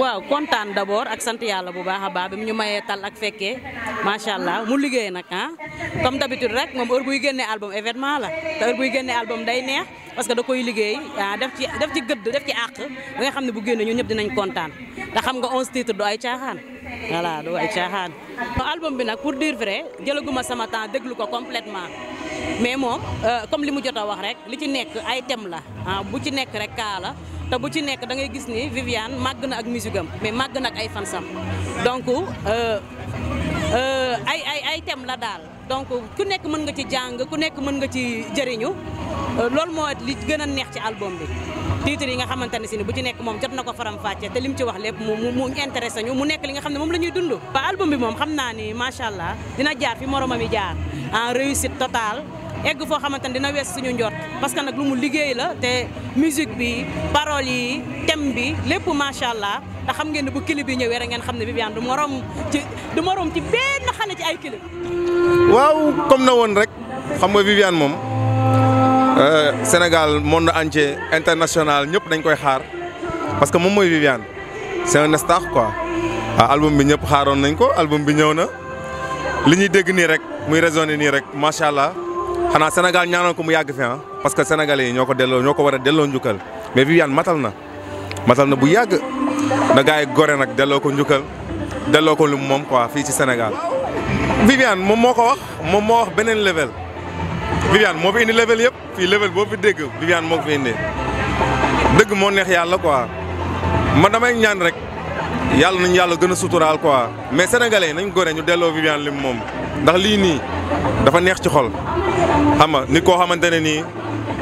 waaw kontaan d'abord ak sant yàlla bu baax a baax bi mu ñu mayee tal ak fekkee macha allah mu liggéey nag ah comme d'habitude rek moom heure buy génnee album événement la te heure buy génnee album day neex parce que da koy liggéey ah, def ci def ci gëdd def ci àq ba nga xam ne bu génnee ñun ñëpp dinañ kontaan te xam nga ons titres du ay caaxaan voilà du ay caaxaan. album bi nag pour dire vrai jëlaguma sama temps déglu ko complètement mais moom euh, comme li mu joto a wax rek li ci nekk ay thème la ah, bu ci nekk rek kaa la te bu ci nekk da ngay gis ni Viviane màgg na ak musique am mais màgg na ak ay fansam donc euh, euh, ay ay ay thème la daal donc ku nekk mën nga ci jàng ku nekk mën nga ci jëriñu lool moo li gën a neex ci album bi titre yi nga xamante ne si ni bu ci nekk moom jot na ko faram fàcce te li lim ci wax lépp mu mu intéressé ñu mu nekk li nga xam ne moom la ñuy dund ba album bi moom xam naa ni macha allah dina jaar fi moromam yi jaar en réussite totale egg foo xamante ne dina wees suñu njort parce que nag lu mu liggéey la te musique bi paroles yi thème bi lépp macha allah te xam ngeen ne bu kili bi ñëwee rek ngeen xam ne Viviane du morom du morom ci benn xale ci ay clip. waaw comme na woon rek xam nga Viviane moom euh, Sénégal monde entier international ñëpp dañ koy xaar parce que moom mooy Viviane c'est un star quoi waaw ah, album bi ñëpp xaaroon nañ ko album bi ñëw na li ñuy dégg nii rek muy résonné nii rek macha allah. xanaa Sénégal ñaanal ko mu yàgg fi ah parce que sénégalais yi ñoo ko delloo ñoo ko a delloo njukkal mais Viviane matal na matal na bu yàgg na gars yi gore nag delloo ko njukkal delloo ko lu moom quoi fii ci Sénégal. Viviane moom moo ko wax moom moo wax beneen level Viviane moo fi indi level yëpp fii level boo fi dégg Viviane moo ko fi indi dëgg moo neex yàlla quoi man damay ñaan rek. yàlla nañu yàlla gën a suturaal quoi mais sénégalais nañ gore ñu delloo Viviane moom dafa neex ci xol xam nga nit koo xamante ne nii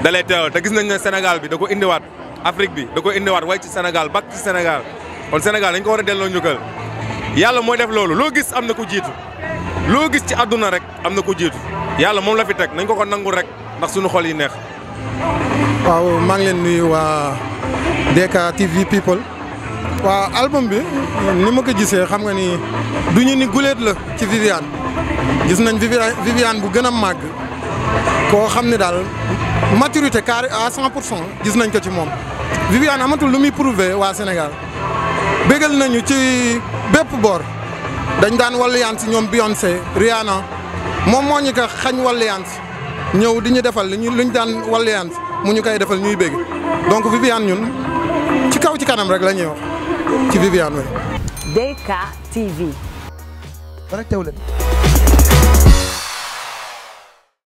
da lay te gis nañ ne Sénégal bi da ko indiwaat Afrique bi da ko indiwaat way ci Sénégal bak ci Sénégal kon Sénégal dañ ko war a delloo njukkal yàlla mooy def loolu loo gis am na ku jiitu loo gis ci àdduna rek am na ku jiitu yàlla moom la teg nañ ko ko nangul rek ndax suñu xol yi neex. waaw maa ngi leen nuyu waa DK TV people. waaw album bi ni ma ko gisee xam nga ni duñu ni guleet la ci Viviane. gis nañ Viviane bu gën a màgg koo xam ne daal maturité carré à 100 pour cent gis nañ ko ci moom Viviane amatul lu muy prouver waa Sénégal bégal nañu ci bépp boor dañ daan walliance ñoom Beyoncé Rihanna moom moo ñu ko xañ walliance ñëw di ñu defal li ñu luñ daan walliance mu ñu koy defal ñuy bégg donc Viviane ñun ci kaw ci kanam rek la ñuy wax ci Viviane way